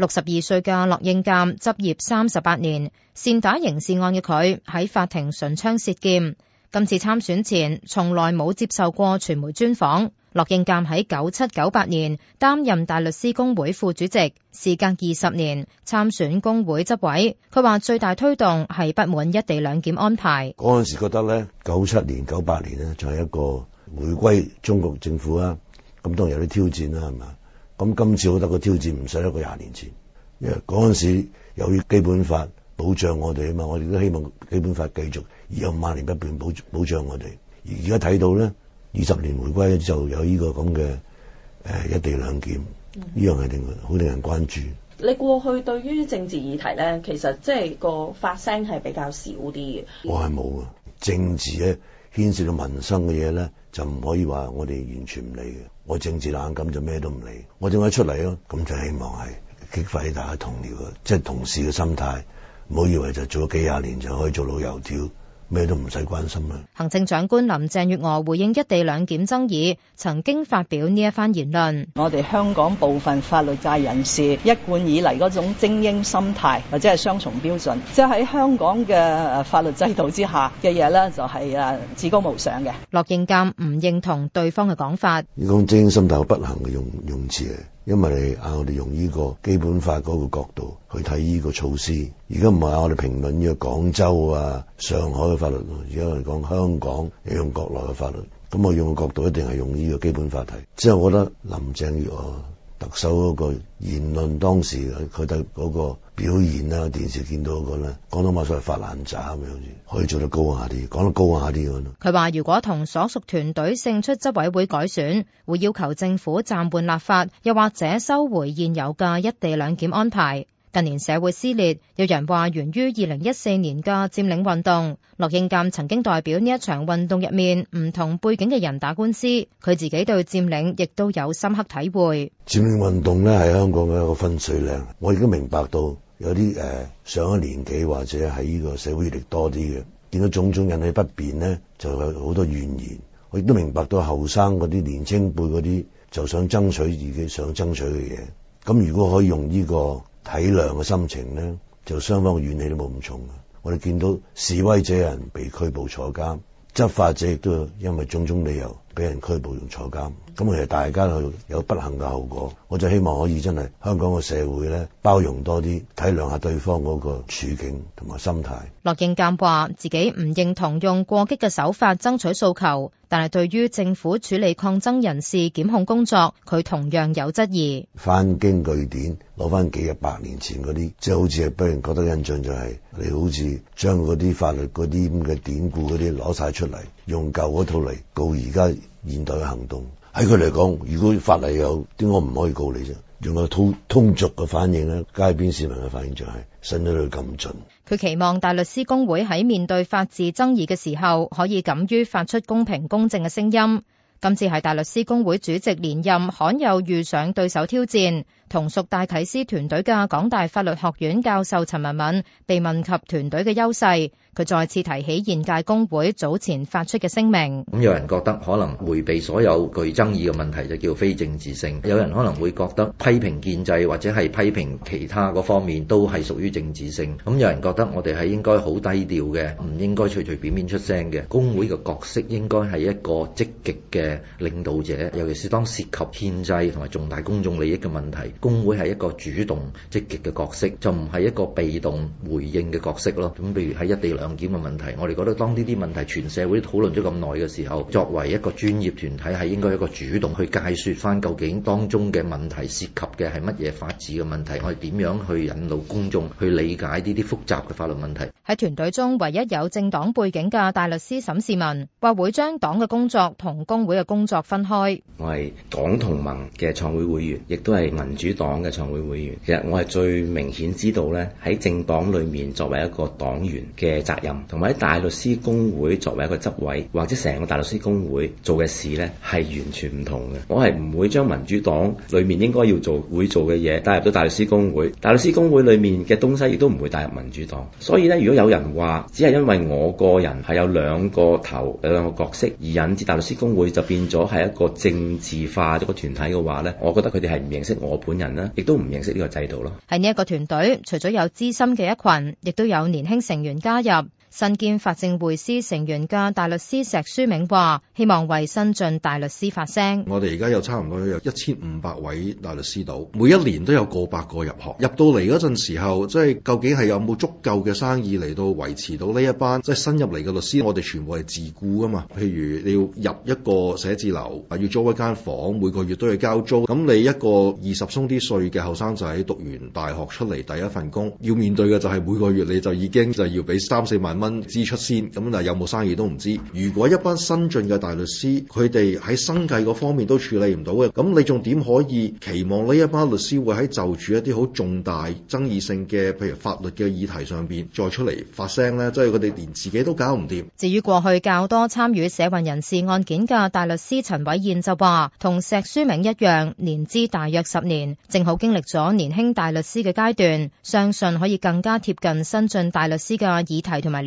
六十二歲嘅駱應淦執業三十八年，擅打刑事案嘅佢喺法庭唇槍舌劍。今次參選前，從來冇接受過傳媒專訪。駱應淦喺九七九八年擔任大律師公會副主席，時隔二十年參選公會執委。佢話最大推動係不滿一地兩檢安排。嗰陣時覺得咧，九七年九八年呢，就係一個回歸中國政府啊，咁當然有啲挑戰啦，係嘛？咁今次好得個挑戰，唔使一個廿年前，因為嗰陣時由於基本法保障我哋，起碼我哋都希望基本法繼續，以後萬年不變保保障我哋。而而家睇到咧，二十年回歸就有呢個咁嘅誒一地兩檢，呢、嗯、樣係令好令人關注。你過去對於政治議題咧，其實即係個發聲係比較少啲嘅。我係冇啊，政治咧，牽涉到民生嘅嘢咧。就唔可以話我哋完全唔理嘅，我政治冷感就咩都唔理，我點解出嚟啊？咁就希望係激發起大家同僚嘅，即係同事嘅心態。唔好以為就做咗幾廿年就可以做老油條。咩都唔使關心啦。行政長官林鄭月娥回應一地兩檢爭議，曾經發表呢一番言論。我哋香港部分法律界人士一貫以嚟嗰種精英心態或者係雙重標準，即係喺香港嘅法律制度之下嘅嘢咧，就係誒至高無上嘅。駱應淦唔認同對方嘅講法，呢種精英心態，好不幸嘅用用詞因為啊，我哋用呢個基本法嗰個角度去睇呢個措施，而家唔係我哋評論呢個廣州啊、上海嘅法律咯，而家我哋講香港你用國內嘅法律，咁我用嘅角度一定係用呢個基本法睇。之後我覺得林鄭月娥。特首嗰個言論，當時佢佢對嗰個表現啊，電視見到嗰個咧，廣東話所謂發爛渣咁樣，好似可以做得高雅啲，講得高雅啲咁咯。佢話如果同所屬團隊勝出執委會改選，會要求政府暫緩立法，又或者收回現有嘅一地兩檢安排。近年社會撕裂，有人話源於二零一四年嘅佔領運動。駱應淦曾經代表呢一場運動入面唔同背景嘅人打官司，佢自己對佔領亦都有深刻體會。佔領運動咧係香港嘅一個分水嶺。我亦都明白到有啲誒、呃、上咗年紀或者喺呢個社會閱歷多啲嘅，見到種種引起不便呢，就有、是、好多怨言。我亦都明白到後生嗰啲年青輩嗰啲就想爭取自己想爭取嘅嘢。咁如果可以用呢、這個。體諒嘅心情咧，就雙方嘅怨氣都冇咁重。我哋見到示威者有人被拘捕坐監，執法者亦都因為種種理由。俾人拘捕用坐監，咁其實大家有有不幸嘅後果。我就希望可以真係香港嘅社會咧，包容多啲，體諒下對方嗰個處境同埋心態。駱應淦話：自己唔認同用過激嘅手法爭取訴求，但係對於政府處理抗爭人士檢控工作，佢同樣有質疑。翻經據典攞翻幾百年前嗰啲，即係好似係俾人覺得印象就係你好似將嗰啲法律嗰啲咁嘅典故嗰啲攞晒出嚟，用舊嗰套嚟告而家。現代嘅行動，喺佢嚟講，如果法例有，點解我唔可以告你啫。用個通通俗嘅反應呢，街邊市民嘅反應就係伸得條咁盡。佢期望大律師公會喺面對法治爭議嘅時候，可以敢於發出公平公正嘅聲音。今次係大律師公會主席連任，罕有遇上對手挑戰。同屬戴啟思團隊嘅港大法律學院教授陳文敏被問及團隊嘅優勢。佢再次提起現屆公會早前發出嘅聲明。咁、嗯、有人覺得可能回避所有具爭議嘅問題就叫非政治性；有人可能會覺得批評建制或者係批評其他嗰方面都係屬於政治性。咁、嗯、有人覺得我哋係應該好低調嘅，唔應該隨隨便便出聲嘅。公會嘅角色應該係一個積極嘅領導者，尤其是當涉及憲制同埋重大公眾利益嘅問題，公會係一個主動積極嘅角色，就唔係一個被動回應嘅角色咯。咁譬如喺一地兩檢嘅問題，我哋覺得當呢啲問題全社會討論咗咁耐嘅時候，作為一個專業團體，係應該一個主動去解説翻究竟當中嘅問題涉及嘅係乜嘢法治嘅問題，我哋點樣去引導公眾去理解呢啲複雜嘅法律問題。喺團隊中唯一有政黨背景嘅大律師沈士文話會將黨嘅工作同公會嘅工作分開。我係港同盟嘅創會會員，亦都係民主黨嘅創會會員。其實我係最明顯知道呢喺政黨裏面作為一個黨員嘅責任同埋喺大律師公會作為一個執委，或者成個大律師公會做嘅事呢，係完全唔同嘅。我係唔會將民主黨裡面應該要做、會做嘅嘢帶入到大律師公會，大律師公會裡面嘅東西亦都唔會帶入民主黨。所以呢，如果有人話只係因為我個人係有兩個頭、兩個角色而引致大律師公會就變咗係一個政治化嘅團體嘅話呢，我覺得佢哋係唔認識我本人啦，亦都唔認識呢個制度咯。喺呢一個團隊，除咗有資深嘅一群，亦都有年輕成員加入。新建法政會司成員嘅大律師石書銘話，希望為新晉大律師發聲。我哋而家有差唔多有一千五百位大律師到，每一年都有過百個入學。入到嚟嗰陣時候，即係究竟係有冇足夠嘅生意嚟到維持到呢一班即係新入嚟嘅律師？我哋全部係自雇噶嘛？譬如你要入一個寫字樓，要租一間房，每個月都要交租。咁你一個二十鬆啲歲嘅後生仔，喺讀完大學出嚟第一份工，要面對嘅就係每個月你就已經就要俾三四萬。問支出先，咁啊有冇生意都唔知。如果一班新進嘅大律師，佢哋喺生計嗰方面都處理唔到嘅，咁你仲點可以期望呢一班律師會喺就處一啲好重大爭議性嘅，譬如法律嘅議題上邊再出嚟發聲呢？即係佢哋連自己都搞唔掂。至於過去較多參與社運人士案件嘅大律師陳偉燕就話，同石書明一樣，年資大約十年，正好經歷咗年輕大律師嘅階段，相信可以更加貼近新進大律師嘅議題同埋。